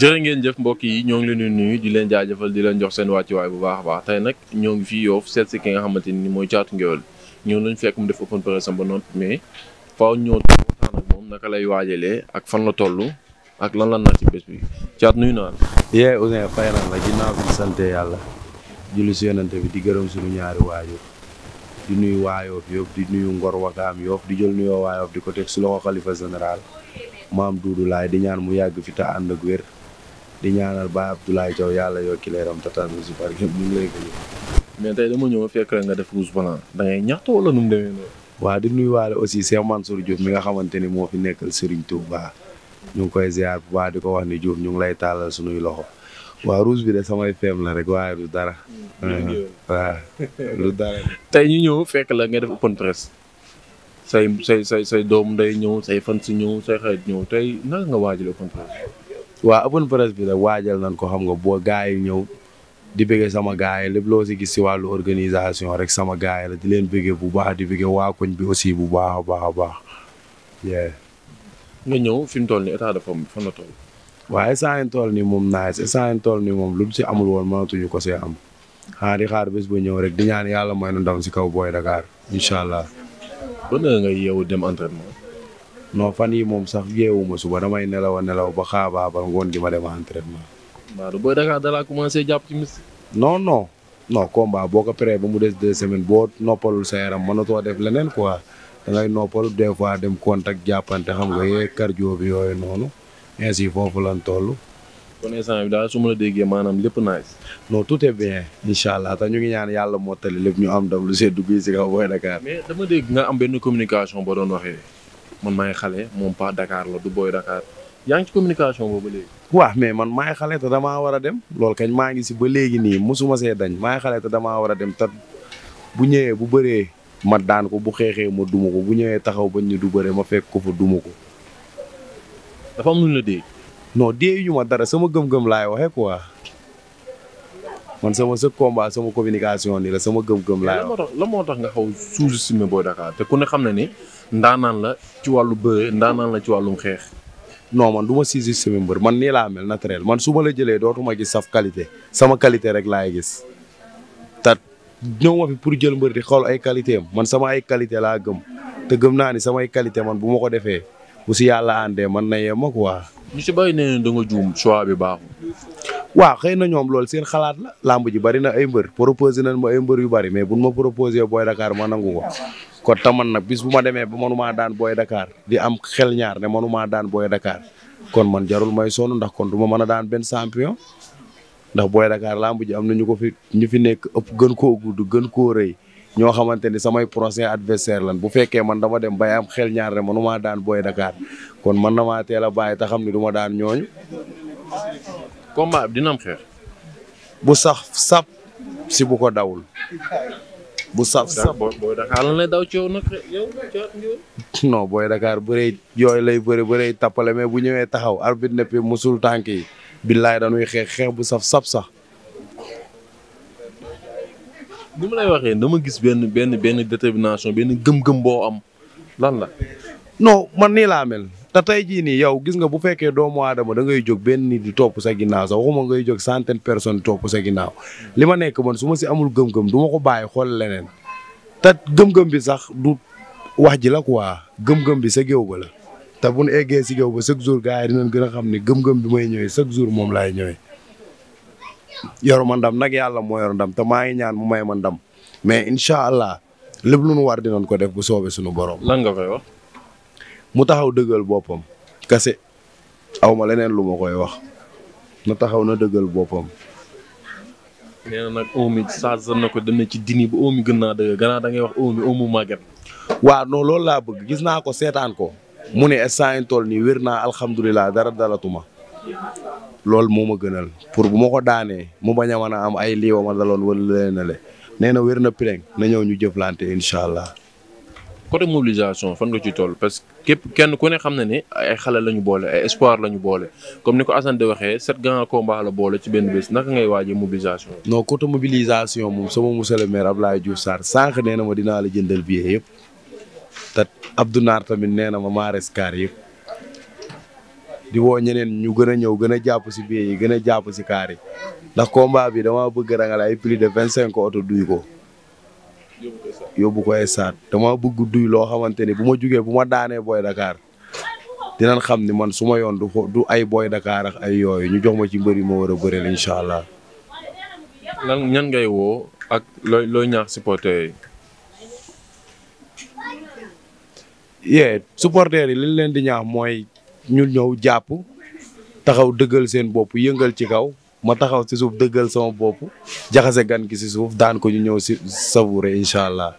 jërë ngeen jëf mbokk yi ñoo ngi leen di nuyu di leen jaajëfal di leen jox seen wàccuwaay bu baax a baax tey nag ñoo ngi fi Yoff seet si ki nga xamante ni mooy Thiatou Nguéweul ñëw nañ fekk mu def open presse ba noppi mais faaw ñëw waxtaan ak moom naka lay waajalee ak fan la toll ak lan la nar ci bés bi Thiat nuyu naa la. yee Ouzin naa la ginnaaw yàlla julli si yonante bi di gërëm suñu ñaari waajur di nuyu waa Yoff di nuyu Ngor Wakaam Yoff di jël nuyoo waa di ko teg su loxo xalifa général maam Doudou Laye di ñaan mu yàgg fi te ànd ak wér di ñaanal baa Abdoulaye Thiaw yàlla yokki leeram tataanu si par exemple ñu ngi lay gën mais tey dama ñëw fekk rek nga def rouge blanc da ngay ñaxtu wala nu mu demee noonu. waaw di nuyuwaale aussi Cheikh Mansour Diouf mi nga xamante ni moo fi nekkal Serigne Touba ñu ngi koy ziar bu di ko wax ni Diouf ñu ngi lay tàllal suñuy loxo waa rouge bi de samay feem la rek waaye du dara. Mm. waaw du tey ñu ñëw fekk la nga def open press say say say doom day ñëw say fan si ñëw say xarit ñëw tey naka nga waajal open press. waa open press bi nag waajal nañ ko xam nga boo gars yi ñëw di bëggee sama gars yi lépp loo si gis si wàllu organisation rek sama gars yi la di leen bëggee bu baax di bëggee waa koñ bi aussi bu baax a baax a baax. nga ñëw fi mu toll ni état de forme fan la toll. waaye saa toll nii moom naaj saa yéen toll nii moom lu si amul woon mënatuñu ko see am xanaa di xaar bés ba ñëw rek di ñaan yàlla mooy na ndam si kaw booy Dakar incha allah. ba nga yeewu dem entraînement. non fan yi moom sax yeewuma suba damay nelaw a nelaw ba xaabaabal ngoon gi ma dem entraînement. waaw booy Dakar da laa commencé jàpp ci mystique. non non non boo ko paree ba mu des deux semaines boo noppalul sa yaram mënatoo def leneen quoi da ngay noppalu des fois dem contact jàppante xam nga yee cardio bi yooyu noonu ainsi foofu lan toll. kon instant bi daal su ma la déggee maanaam lépp nice non tout est bien incha allah te ñu ngi ñaan yàlla mottali lépp ñu am dam lu seddu bii si kaw booy dama dégg nga am benn communication boo doon waxee. man maay xale moom pas dakaar la du booy Dakar yaa ngi ci communication boobu ba léegi. waaw mais man maay xale te damaa war a dem loolu kañ maa ngi si ba léegi nii mosuma see dañ maay xale te damaa war a dem te bu ñëwee bu bëree ma daan ko bu xeexee ma duma ko bu ñëwee taxaw bañ ñu du bëre ma fekk ko fa duma ko. dafa am lu la dee. non dee dara sama gëm-gëm laay waxee quoi. man sama sa combat sama communication nii la sama gëm-gëm. laa moo tax la moo tax nga xaw sous-estimé Boy Dakar te ku ne xam na ni ndaanaan la ci wàllu bëre ndaanaan la ci wàllum xeex. noo man du ma sous-estimé mbër man nii laa mel naturel man su ma la jëlee dootuma gis saf qualité sama qualité rek laay e gis te ñëw ma fi pour jël mbër di xool ay qualité am man sama ay qualité laa gëm te gëm naa ni samay qualité man bu ma ko defee bu si yàlla àndee man na yem ma quoi. ñu si bàyyi choix bi baaxul. waaw xëy na ñoom loolu seen xalaat la làmb ji bari na ay mbër proposé nañ ma mbër yu bari mais buñ ma proposé Boy Dakar ma nangu ko kon taman na bis bu ma demee ba mënumaa daan booy dakaar di am xel ñaar ne mënumaa daan booy dakaar kon man jarul may sonn ndax kon du mën a daan benn champion ndax Boy Dakar làmb ji am na ñu ko fi ñu fi nekk ëpp gën koo gudd gën koo rëy ñoo xamante ni samay prochain adversaire lan bu fekkee man dama dem bay am xel ñaar ne mënumaa daan Boy Dakar kon man na maa teel a bàyyi te xam ne du daan ñooñu combat bi dina am xeex. bu sax sap si bu ko dawul. bu sap sap booy Dakar daw ci yow nag yow non booy Dakar bëree yooyu lay bëri bëree tappale mais bu ñëwee taxaw arbitre neppi musul tànk yi billaay dañuy xeex xeex bu saf sap sax. ni mu lay waxee dama gis benn benn benn détermination benn gëm-gëm boo am lan la. non man nii laa mel. te tey jii nii yow gis nga bu fekkee doomu aadama da ngay jóg benn nit di topp sa ginnaaw sax waxuma ngay jóg centaine personnes topp sa ginnaaw li ma nekk man su si amul gëm-gëm duma ma ko bàyyi xool leneen ta gëm-gëm bi sax du wax ji la quoi gëm-gëm bi sa géew ba la te bu nu eggee si géew ba chaque jour gars yi dinañ gën a xam ne gëm-gëm bi may ñëwee chaque jour moom laay ñëwee yoruma mandam nag yàlla moo yor ndam te maa ngi ñaan mu may ma ndam mais incha allah lépp lu nu war dinañ ko def bu soobee sunu borom. lan nga koy wax. mu taxaw dëggal boppam kase aw ma leneen lu ma koy wax na taxaw na dëggal boppam. nee nag omi saasal na ko dem na ci dini ba omi gën naa dëgg gannaaw da ngay wax omi omu màgget. waa noo lool laa bëgg gis naa ko seetaan ko mu ne instant yii toll nii wér naa alhamdulilah dara dalatuma loolu moom ma gënal pour bu ma ko daanee mu bañ a mën a am ay lii wa ma daloon wala leneen na wér na pireng na ñëw ñu jëflante incha allah. côté mobilisation fan nga ci toll képp kenn ku ne xam ne ni ay xale la ñu boole ay espoir la ñu boole comme ni ko Assane de waxee sept grands combats la boole ci benn bés naka ngay waajee mobilisation. non côté mobilisation moom sama monsieur le maire Abdoulaye Diouf Sarr sànq nee na ma dinaa la jëndal billet yëpp te Abdou Naar tamit nee na ma maares kaar yëpp di woo ñeneen ñu gën a ñëw gën a jàpp si billet yi gën a jàpp si kaar yi ndax combat bi dama bëgg rangal ay plus de vingt cinq oto duy ko. yóbbu ko stade dama bëgg duy loo xamante ni bu ma jugee bu ma daanee booy Dakar dinañ xam ni man su ma yoon du du ay booy Dakar ak ay yooyu ñu jox ma ci mbër yi ma war a bëreel incha allah. lan ñan ngay woo ak looy ñaax supporters yi. yee supporters yi liñ leen di ñaax mooy ñu ñëw jàpp taxaw dëggal seen bopp yëngal ci kaw. ma taxaw si suuf dëggal sama bopp jaxase gan gi si suuf daan ko ñu ñëw si savouré incha allah.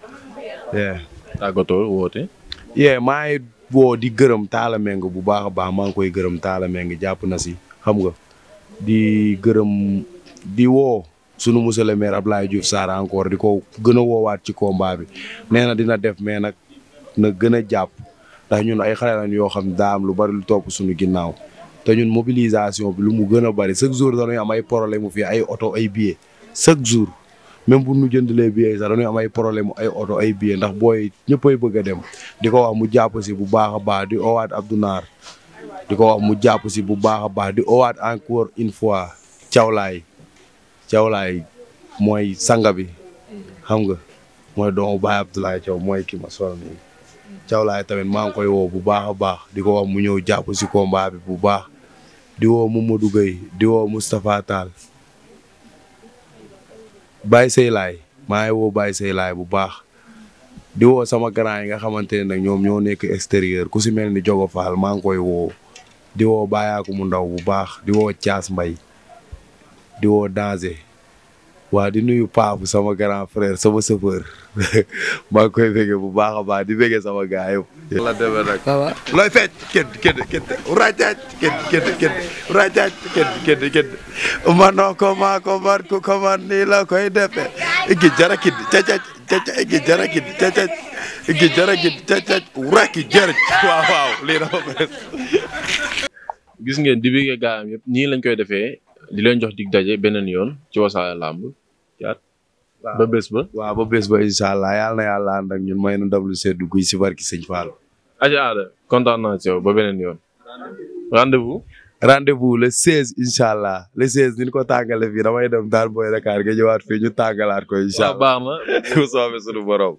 tàggatoo woote. yee maa woo di gërëm taala meng bu baax a baax maa ngi koy gërëm taala meng jàpp na si xam nga di gërëm di woo. sunu monsieur le maire Abdoulaye Diouf Sarr encore di ko gën a woowaat ci combat bi nee na dina def mais nag na gën a jàpp ndax ñun ay xale yoo xam daa am lu bari lu toog suñu ginnaaw te ñun mobilisation bi lu mu gën a bëri chaque jour dañuy am ay problème fi ay oto ay billets chaque jour même bu ñu jëndalee billets sax dañuy am ay problème mu ay oto ay billets ndax booy ñëppay bëgg a dem di ko wax mu jàpp si bu baax a baax di owaat Abdou Naar di ko wax mu jàpp si bu baax a baax di owaat encore une fois cawlaay cawlaay mooy sanga bi xam nga mooy doomu Baye mooy ki ma sol tamit maa ngi koy woo bu baax a baax di ko wax mu ñëw jàpp si combat bi bu baax diwoo woo Mamadou diwoo di woo Moustapha Tall Baye Seylaay maa ngi woo Baye Seylaay bu baax diwoo sama grand yi nga xamante ne nag ñoom ñoo nekk extérieur ku si mel ni Jogo Fall maa ngi koy woo diwoo woo Bayaaku mu ndaw bu baax di woo Thiaas Mbay diwoo woo waa di nuyu Paabu sama grand frère sama chauffeur maa koy bëggee bu baax a baax di bëggee sama gars yëpp. la demee nag. looy fecc kenn kenn kenn raajaaj ku ko man la koy defee gi jara kid cacaj cacaj gi jara kid cacaj gis ngeen di bëggee gaayam yëpp lañ koy defee di leen jox dig daje beneen yoon ci Wassare Lamb ba bés ba waaw ba bés ba incha allah yàlla na yàlla ànd ak ñun may nu ndam lu seddu guy si barki sëñ Fallou. aja aada kontaan naa ci yow ba beneen yoon. rendez-vous. rendez-vous le 16 incha allah le 16 ni ñu ko tàngale fii damay dem daal booy Dakar nga ñëwaat fii ñu tàngalaat ko incha allah waaw baax na bu soobee suñu borom.